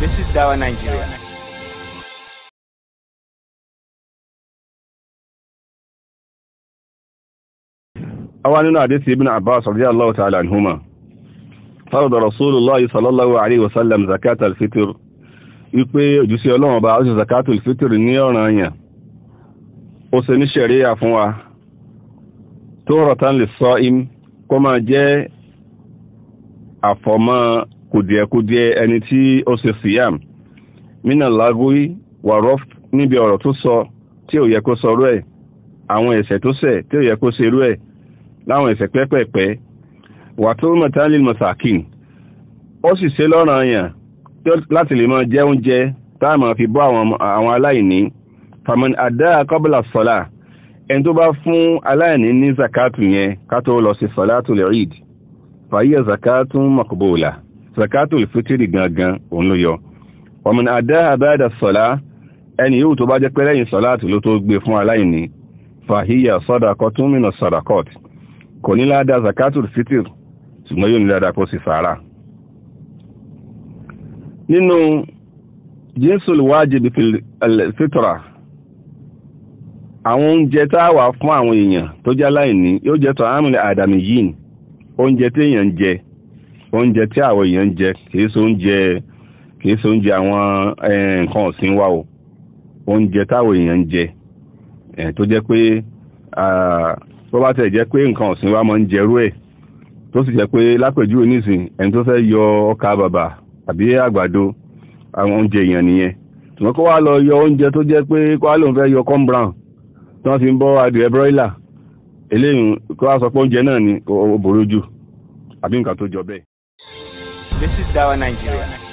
This is Dawa Nigeria. Awa nínú àdísì Ibn Abbas radiyallahu ta'ala anhuma. Farada Rasulullahi sallallahu alaihi wasallam zakat al-fitr. Wípé òjúsí Ọlọ́run bá ọjọ́ zakat al-fitr ní ọ̀ràn nya Ó ṣe ní ṣẹ̀ríyà fún wa. Tó rọ̀tán lè sọ im kó kùdìẹ̀kùdìẹ̀ ẹni tí ó ṣe síyàm mina lagui warof níbi ọ̀rọ̀ tó sọ tí ò yẹ kó sọrú ẹ̀ àwọn ẹ̀ṣẹ̀ tó ṣẹ̀ tí ò yẹ kó ṣerú ẹ̀ láwọn ẹ̀ṣẹ̀ pẹ́pẹ̀pẹ́ wàtó mọ̀tálì mọ̀sàkìn ó sì ṣe lọ́ràn yàn láti lè máa jẹ oúnjẹ táàmù fi bọ́ àwọn aláìní faman adá kọ́bùlà sọ́lá ẹni tó bá fún aláìní ní zakatu yẹn ká tó lọ sí sọ́lá tó lè ríd fàyè zakatu makbola Zakatu fitiri gangan òun ló yọ ọmọ adá àbáyàdà sọ̀lá ẹni yóò tó bá jẹ́ pé lẹ́yìn sọ̀lá àti ló tó gbé fún aláìní fàhíyà sọ́dàkọ́ tún mìnà sọ́dàkọ́t kò ní ládá zakatul fitiri ṣùgbọ́n yóò ní ládá kó sì sàárà nínú jinsul wájibi fitra àwọn oúnjẹ tá wà fún àwọn èèyàn tó jẹ́ aláìní yóò jẹ́ tọ́ àmìlẹ̀ àdàmì yìí oúnjẹ téèyàn jẹ́ oúnjẹ tí àwọn èèyàn ń jẹ kìí ṣe oúnjẹ kìí ṣe oúnjẹ àwọn nǹkan ọ̀sìn wa o oúnjẹ táwọn èèyàn ń jẹ tó jẹ́ pé tó bá tẹ̀ jẹ́ pé nǹkan ọ̀sìn wa máa ń jẹrú ẹ̀ tó sì jẹ́ pé lápèjúwe nísìn ẹni tó fẹ́ yọ ọkà bàbà àbí àgbàdo àwọn oúnjẹ èèyàn nìyẹn ṣùgbọ́n kó wá lọ yọ oúnjẹ tó jẹ́ pé kó wá lóun fẹ́ yọ corn brown tí wọ́n fi ń bọ́ adìẹ broiler eléyìí kó wá sọ pé oúnjẹ náà ni ó borí jù àbí nǹkan tó jọ bẹ́ẹ̀. This is Dawa Nigeria.